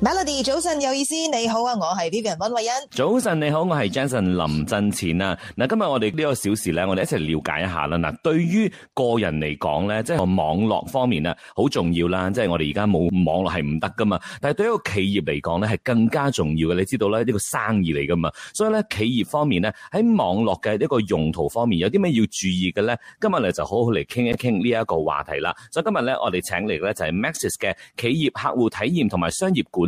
Melody 早晨有意思，你好啊，我係 Vivian 溫慧欣。早晨你好，我係 Jason 林振前啊。嗱，今日我哋呢個小時咧，我哋一齊了解一下啦。嗱，對於個人嚟講咧，即係網絡方面啊，好重要啦。即係我哋而家冇網絡係唔得噶嘛。但係對於一個企業嚟講咧，係更加重要嘅。你知道咧呢個生意嚟噶嘛？所以咧企業方面咧喺網絡嘅一個用途方面，有啲咩要注意嘅咧？今日咧就好好嚟傾一傾呢一個話題啦。所以今日咧我哋請嚟咧就係 Maxis 嘅企業客戶體驗同埋商業管。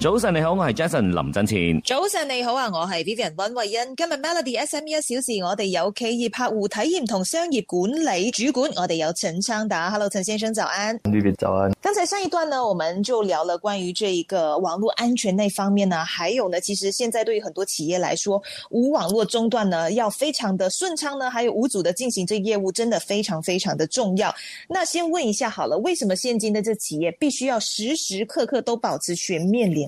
早晨你好，我是 Jason 林振前。早晨你好啊，我是 Vivian 溫慧欣。今日 Melody SME 一小時，我哋有企業客戶體驗同商業管理主管，我哋有陳昌達。Hello，陳先生早安。早安。早安。剛才上一段呢，我們就聊了關於這一個網絡安全那方面呢，還有呢，其實現在對於很多企業來說，無網絡中斷呢，要非常的順暢呢，還有無阻的進行這業務，真的非常非常的重要。那先問一下好了，為什麼現今的這企業必須要時時刻刻都保持全面連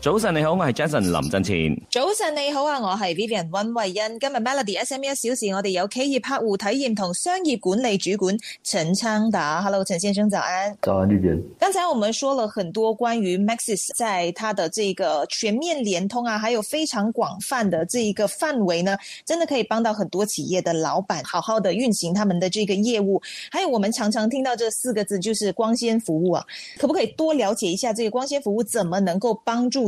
早晨你好，我係 Jason 林振前。早晨你好啊，我係 Vivian 溫慧欣。今日 Melody SME 一小時，我哋有企業客戶體驗同商業管理主管陳昌達。Hello，陳先生早安。早安，律姐。剛才我們說了很多關於 Maxis 在它的這個全面聯通啊，還有非常廣泛的這一個範圍呢，真的可以幫到很多企業的老闆好好的運行他們的這個業務。還有我們常常聽到這四個字，就是光纖服務啊，可不可以多了解一下這個光纖服務，怎麼能夠幫助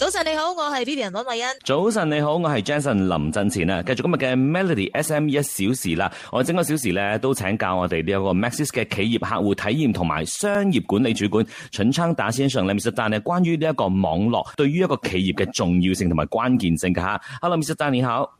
早晨你好，我係 B B 人温慧欣。早晨你好，我係 Jason 林振前啊，繼續今日嘅 Melody SME 一小時啦。我整個小時咧都請教我哋呢一個 Maxis 嘅企業客戶體驗同埋商業管理主管陳昌打先生，Mr Dan 關於呢一個網絡對於一個企業嘅重要性同埋關鍵性嘅吓。Hello，Mr Dan 你好。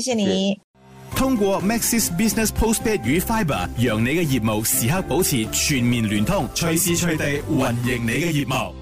謝謝你。通過 Maxis Business Postpaid 與 Fibre 讓你嘅業務時刻保持全面聯通，隨時隨地運營你嘅業務。